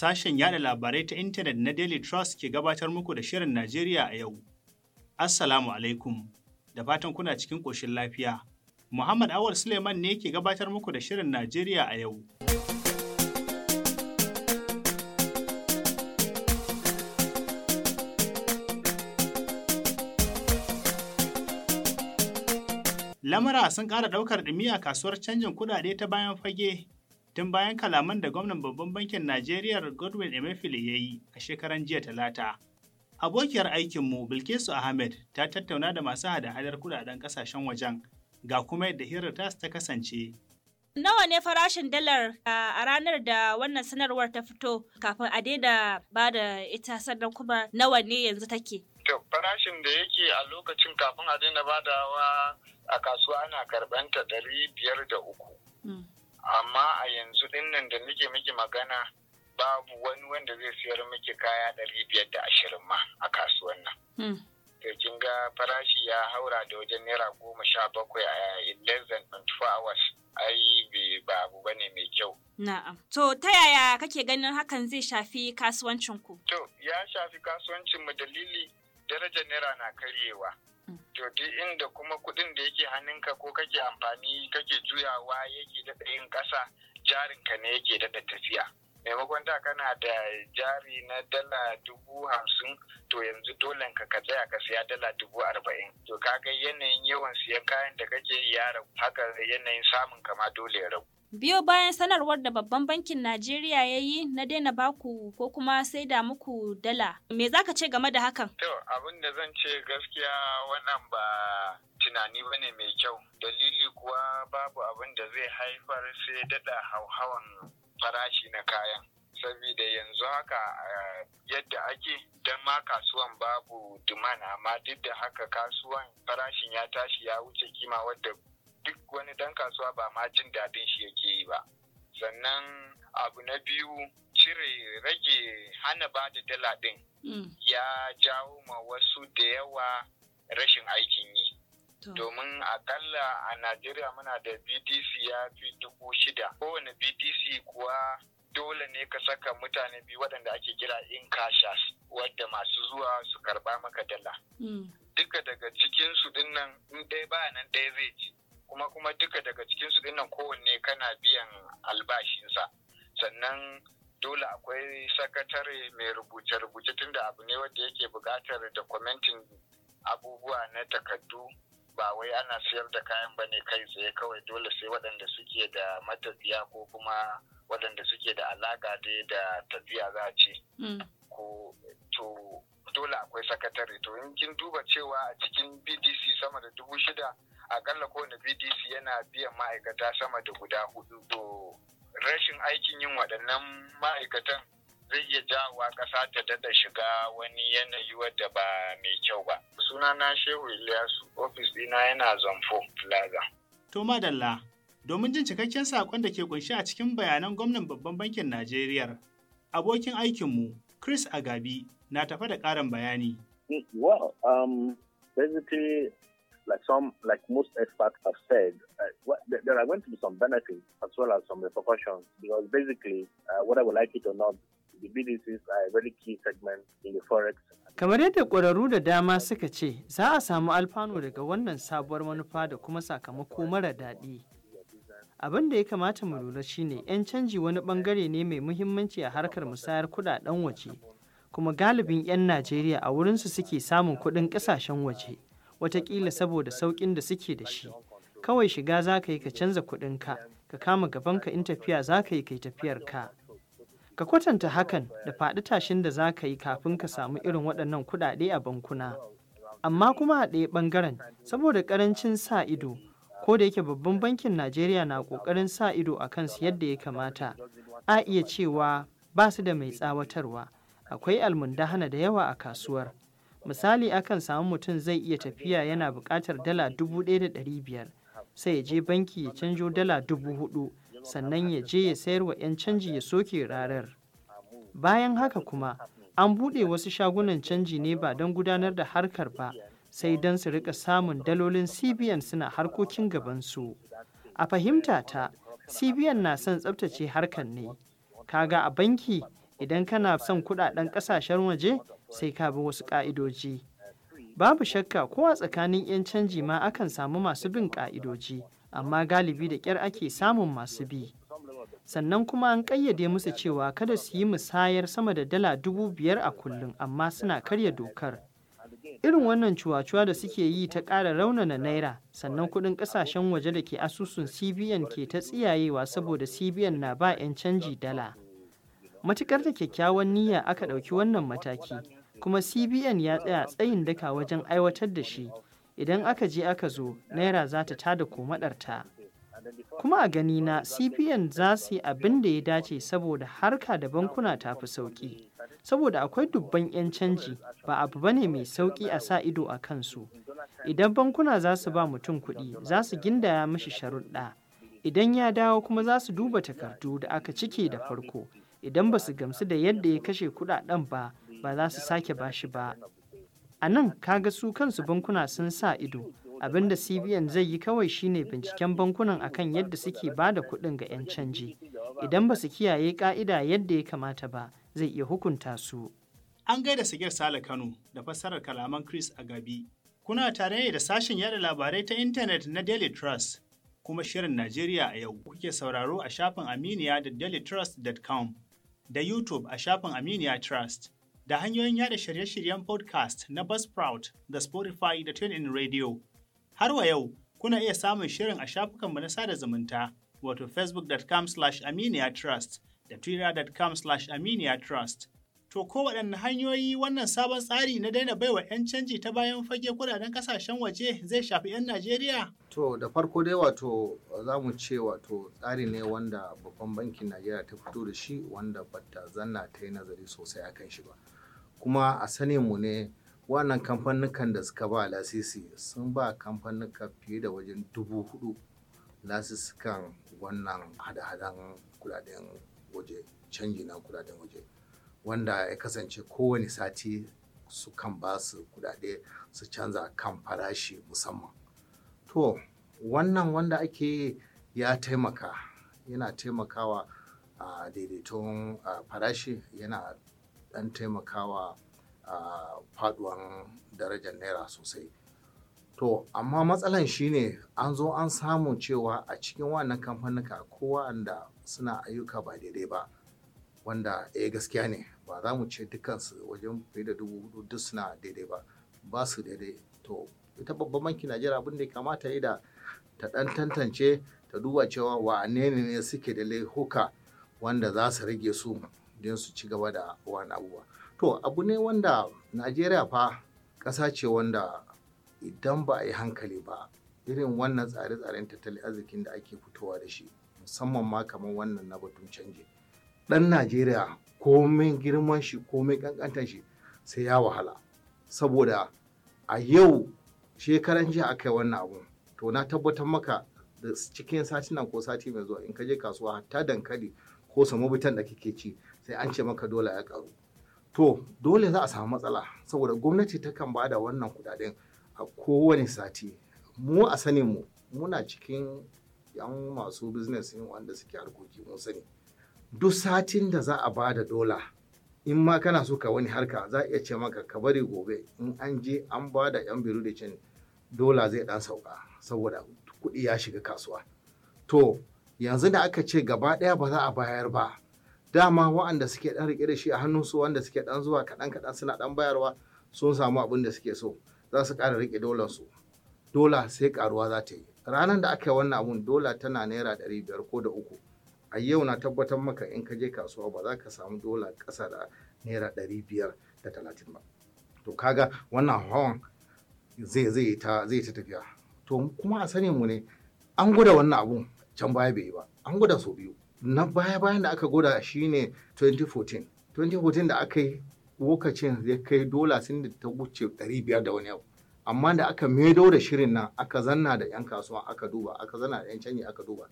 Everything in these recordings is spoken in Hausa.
Sashen yada labarai ta intanet na Daily Trust ke gabatar muku da Shirin Najeriya a yau. Assalamu alaikum, da fatan kuna cikin ƙoshin lafiya. Muhammad Awar Suleiman ne ke gabatar muku da Shirin Najeriya a yau. Lamara sun ƙara ɗaukar ɗumi a kasuwar canjin kuɗaɗe ta bayan fage tun bayan kalaman da gwamnan babban bankin Najeriya Godwin Emefiele ya yi a shekaran jiya talata. Abokiyar aikinmu Bilkisu Ahmed ta tattauna da masu hada-hadar kudaden kasashen wajen ga kuma yadda hirar tasu ta kasance. Nawa ne farashin dalar a ranar da wannan sanarwar ta fito kafin a daina ba da ita sannan kuma nawa ne yanzu take? farashin da yake a lokacin kafin a daina badawa a kasuwa ana karbanta ɗari biyar da uku. Hmm. amma a yanzu dinnan da nike miki magana babu wani wanda zai siyar miki kaya ɗari biyar da ashirin ma a kasuwan nan. Hmm. To kin ga farashi ya haura da wajen naira goma sha bakwai a less than 24 hours ai babu bane mai kyau. Na'am. To ta yaya kake ganin hakan zai shafi kasuwancinku? To ya shafi kasuwancinmu dalili darajar naira na karyewa. to inda kuma kuɗin da yake hannunka ko kake amfani kake juyawa yake da yin ƙasa ka ne yake daɗa tafiya maimakon da kana da jari na dala dubu hamsin to yanzu dole ka ka tsaya ka siya dala dubu arba'in to kaga yanayin yawan siyan kayan da kake ya ragu haka yanayin samun kama dole ya ragu Biyo bayan sanarwar da babban bankin Najeriya ya yi na daina baku ko kuma sai da muku dala. Me za ka ce game da hakan? To, abin da zan ce gaskiya wannan ba tunani ba ne mai kyau. Dalili kuwa babu abin da zai haifar sai dada hauhawan farashi na kayan. Saboda yanzu haka eh, yadda ake don ma kasuwan babu dumana amma duk da haka kasuwan farashin ya tashi ya wuce kima wadda duk wani dan kasuwa ba ma jin daɗin shi yake yi ba sannan abu na biyu cire rage hana ba da dala ɗin mm. ya jawo ma wasu da yawa rashin aikin yi domin akalla a najeriya muna da btc ya fi dubu shida kowane btc kuwa dole ne ka saka mutane biyu waɗanda ake kira in kashas wadda masu zuwa su karba maka dala mm. duka daga cikinsu dinnan in ɗaya baya nan ɗaya zai ci kuma kuma duka daga cikin su dinnan kowanne kana biyan albashinsa sannan dole akwai sakatare mai rubuce-rubuce tunda abu ne wanda yake buƙatar da kwamentin abubuwa na takardu ba wai ana siyar da kayan ba ne kai tsaye kawai dole sai waɗanda suke da matafiya ko kuma waɗanda suke da alaƙa dai da tafiya za a ce hmm. ko to dole akwai sakatare to in kin duba cewa a cikin bdc sama da dubu shida akalla kowane bdc yana biyan ma'aikata sama da guda hudu to rashin aikin yin waɗannan ma'aikatan zai iya jawo ƙasa ta daɗa shiga wani yanayi wadda ba mai kyau ba suna na shehu ilyasu ofis ɗina yana zamfo plaza to madalla domin jin cikakken saƙon da ke kunshi a cikin bayanan gwamnan babban bankin najeriya abokin aikinmu chris agabi na tafa da ƙarin bayani well um, basically like some, like most experts have said, uh, what, there are going to be some benefits as well as some repercussions because basically, uh, whether we like it or not, the BDCs are a very key segment in the forex. Kamar yadda ƙwararru da dama suka ce, za a samu alfanu daga wannan sabuwar manufa da kuma sakamako mara daɗi. Abin da ya kamata mu lura shine 'yan canji wani bangare ne mai muhimmanci a harkar musayar kudaden waje, kuma galibin 'yan Najeriya a wurinsu suke samun kuɗin ƙasashen waje. watakila saboda sauƙin da suke da shi kawai shiga za ka yi ka canza kuɗinka ka kama gabanka in tafiya za ka yi kai tafiyar ka ka kwatanta hakan da faɗi tashin da za ka yi kafin ka samu irin waɗannan kuɗaɗe a bankuna amma kuma a ɗaya ɓangaren saboda ƙarancin sa ido ko da yake babban bankin najeriya na ƙoƙarin sa ido a kansu yadda ya kamata a iya cewa ba su da mai tsawatarwa akwai almundahana da yawa a kasuwar misali akan samu mutum zai iya tafiya yana buƙatar dala dubu ɗaya da ɗari biyar sai ya je banki ya canjo dala dubu hudu sannan ya je ya sayar wa 'yan canji ya soke rarar bayan haka kuma an buɗe wasu shagunan canji ne ba don gudanar da harkar ba sai don su rika samun dalolin cbn suna harkokin gabansu a fahimta ta cbn na son tsabtace harkar ne kaga a banki idan kana son kudaden kasashen waje sai ka bi wasu ƙa'idoji. Babu shakka ko a tsakanin 'yan canji ma akan samu masu bin ƙa'idoji, amma galibi da ƙyar ake samun masu bi. Sannan kuma an ƙayyade musu cewa kada su yi musayar sama da dala dubu biyar a kullum amma suna karya dokar. Irin wannan cuwacuwa da suke yi ta ƙara raunana naira sannan kuɗin ƙasashen waje da ke asusun CBN ke ta tsiyayewa saboda CBN na ba 'yan canji dala. Matuƙar da kyakkyawan niyya aka ɗauki wannan mataki, kuma cbn ya tsaya tsayin daka wajen aiwatar da shi idan aka je aka zo naira za ta tada komadarta kuma a gani na cbn za su yi abin da ya dace saboda harka da bankuna ta fi sauki saboda akwai dubban 'yan canji ba abu bane mai sauki a sa ido a kansu idan bankuna za su ba mutum kuɗi za su gindaya mashi sharuɗa idan ya dawo kuma za su duba takardu da aka cike da farko idan ba su gamsu da yadda ya kashe kuɗaɗen ba ba za su sake ba shi ba a nan kaga su kansu bankuna sun sa ido abin da cbn zai yi kawai shine binciken bankunan akan yadda suke ba da kuɗin ga 'yan canji idan ba su kiyaye ka'ida yadda ya kamata ba zai iya hukunta su an gaida sigir sale kano da fassarar kalaman chris agabi kuna tare da sashen yada labarai ta intanet na daily trust kuma shirin najeriya a yau kuke sauraro a shafin aminiya da dailytrust.com da youtube a shafin aminiya trust da hanyoyin yada shirye-shiryen podcast na Buzzsprout da Spotify da TuneIn Radio. Har wa yau, kuna iya samun shirin a shafukanmu na sada zumunta, wato facebook.com aminiatrust da twitter.com aminiatrust To, ko waɗanne hanyoyi wannan sabon tsari na daina baiwa 'yan canji ta bayan fage kudaden kasashen waje zai shafi 'yan Najeriya? To, da farko dai wato za mu ce wato tsari ne wanda babban bankin Najeriya ta fito da shi wanda bata zanna ta yi nazari sosai a kan shi ba. kuma a sanin mu ne wannan kamfanukan da suka ba lasisi sun ba kamfanuka fiye da wajen dubu hudu lasisukan wannan hada-hadan kudaden waje canji na kudaden waje wanda ya kasance kowane sati su kan ba su kudade su canza kan farashi musamman to wannan wanda ake ya taimaka yana taimakawa a daidaiton farashi yana dan taimakawa a faduwan darajar naira sosai to amma matsalan shine an zo an samu cewa a cikin wannan kamfanika kowa da suna ayyuka ba daidai ba wanda eh gaskiya ne ba za mu ce dukansu wajen fiye da dubu hudu duk suna daidai ba ba su daidai to ita babban banki najeriya abin da ya kamata yi da ta dan tantance ta duba cewa wane ne suke da laihuka wanda za su rage su don su ci gaba da wani abubuwa to abu ne wanda najeriya fa ƙasa ce wanda idan ba a yi hankali ba irin wannan tsare-tsaren tattalin arzikin da ake fitowa da shi musamman ma kamar wannan na batun canji ɗan najeriya komai girman shi komai ƙanƙantar shi sai ya wahala saboda a yau shekaran jiya aka yi wannan abu, to na tabbatar maka da cikin sati ko sati mai zuwa in ka je kasuwa hatta dankali ko samobitan da kake ci sai an ce maka dole ya karu to dole za a samu matsala saboda gwamnati takan ba da wannan kudaden a kowane sati mu a sanin mu muna cikin yan masu business wanda suke harkoki mun sani duk satin da za a ba da dola in ma kana so ka wani harka za a iya ce maka ka bari gobe in an je an ba da yan biru da cin dola zai dan sauka saboda kuɗi ya shiga kasuwa to yanzu da aka ce gaba ɗaya ba za a bayar ba dama wa'anda suke ɗan riƙe da shi a hannunsu wanda suke ɗan zuwa kaɗan kaɗan suna ɗan bayarwa sun samu abin da suke so za su ƙara riƙe su dola sai ƙaruwa za ta yi ranar da aka yi wannan abun dola tana naira ɗari biyar ko da uku a yau na tabbatar maka in ka je kasuwa ba za ka samu dola ƙasa da naira ɗari biyar da talatin ba to kaga wannan hawan zai zai ta zai ta tafiya to kuma a sani mu ne an gwada wannan abun can baya bai yi ba an gwada sau biyu na baya bayan da aka gwada shine 2014 2014 da aka yi lokacin ya kai dola sun da ta wuce 500 da wani abu amma da aka maido da shirin nan aka zanna da 'yan kasuwa aka duba aka zanna da 'yan canji aka duba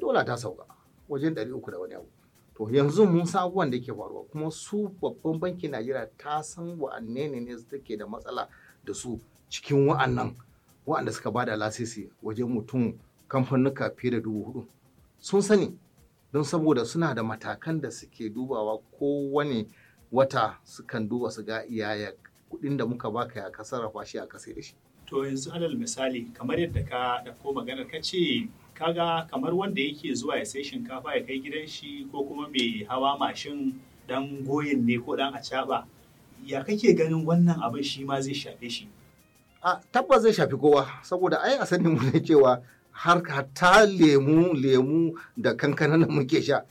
dola ta sauka wajen 300 da wani abu to yanzu mun san abubuwan da ke faruwa kuma su babban bankin najeriya ta san wa'anne ne ne take da matsala da su cikin wa'annan wa'anda suka bada lasisi wajen mutum kamfanuka fiye da dubu hudu sun sani don saboda suna da matakan da suke dubawa kowane wata sukan duba su ga iyaya kudin da muka baka ya ka sarrafa shi a kasai da shi to yanzu alal misali kamar yadda ka ɗauko maganar ka ce kaga kamar wanda yake zuwa ya sai shinkafa ya kai gidan shi ko kuma mai hawa mashin dan goyin ne ko dan acaba ya kake ganin wannan abin shi ma zai shafe shi a tabbas zai shafi kowa saboda ai a sanin mu ne cewa har hatta lemu lemu da kankana da muke sha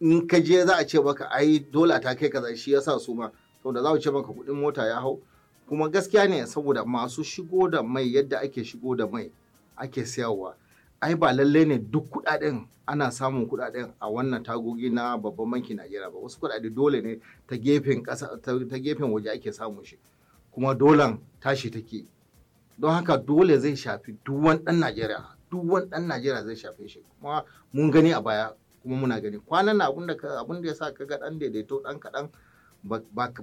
in ka je za a ce maka ai dole ta kai kaza shi yasa su ma saboda za a ce maka kuɗin mota ya hau kuma gaskiya ne saboda masu shigo da mai yadda ake shigo da mai ake sayarwa ai ba lalle ne duk kudaden ana samun kudaden a wannan tagogi na babban banki Najeriya ba wasu kudade dole ne ta gefen kasa ta gefen waje ake samun shi kuma dolan tashi take don haka dole zai shafi duwan ɗan najeriya duwan ɗan najeriya zai shafe shi kuma mun gani a baya kuma muna gani kwanan na abun da ya sa ka ga ɗan daidaito ɗan kaɗan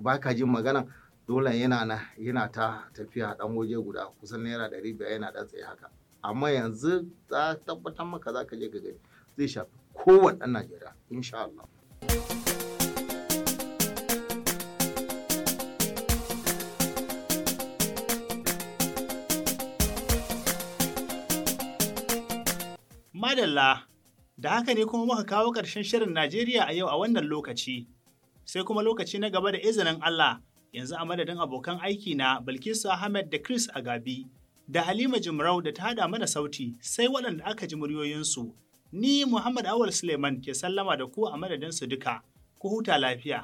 ba ka jin magana dole yana na yana ta tafiya ɗan waje guda kusan naira ɗari biyar yana ɗan tsaye haka amma yanzu za tabbatar maka za ka je ka gani zai shafi kowane ɗan najeriya insha Allah. Madalla, da haka ne kuma muka kawo ƙarshen shirin Najeriya a yau a wannan lokaci, sai kuma lokaci na gaba da izinin Allah yanzu a madadin abokan aiki na Bilkisu Ahmed da Chris Agabi da Halima Jimrau da ta hada mana sauti sai waɗanda aka ji muryoyinsu. Ni Muhammad Awal Suleiman ke sallama da ku a madadin su duka, ku huta lafiya.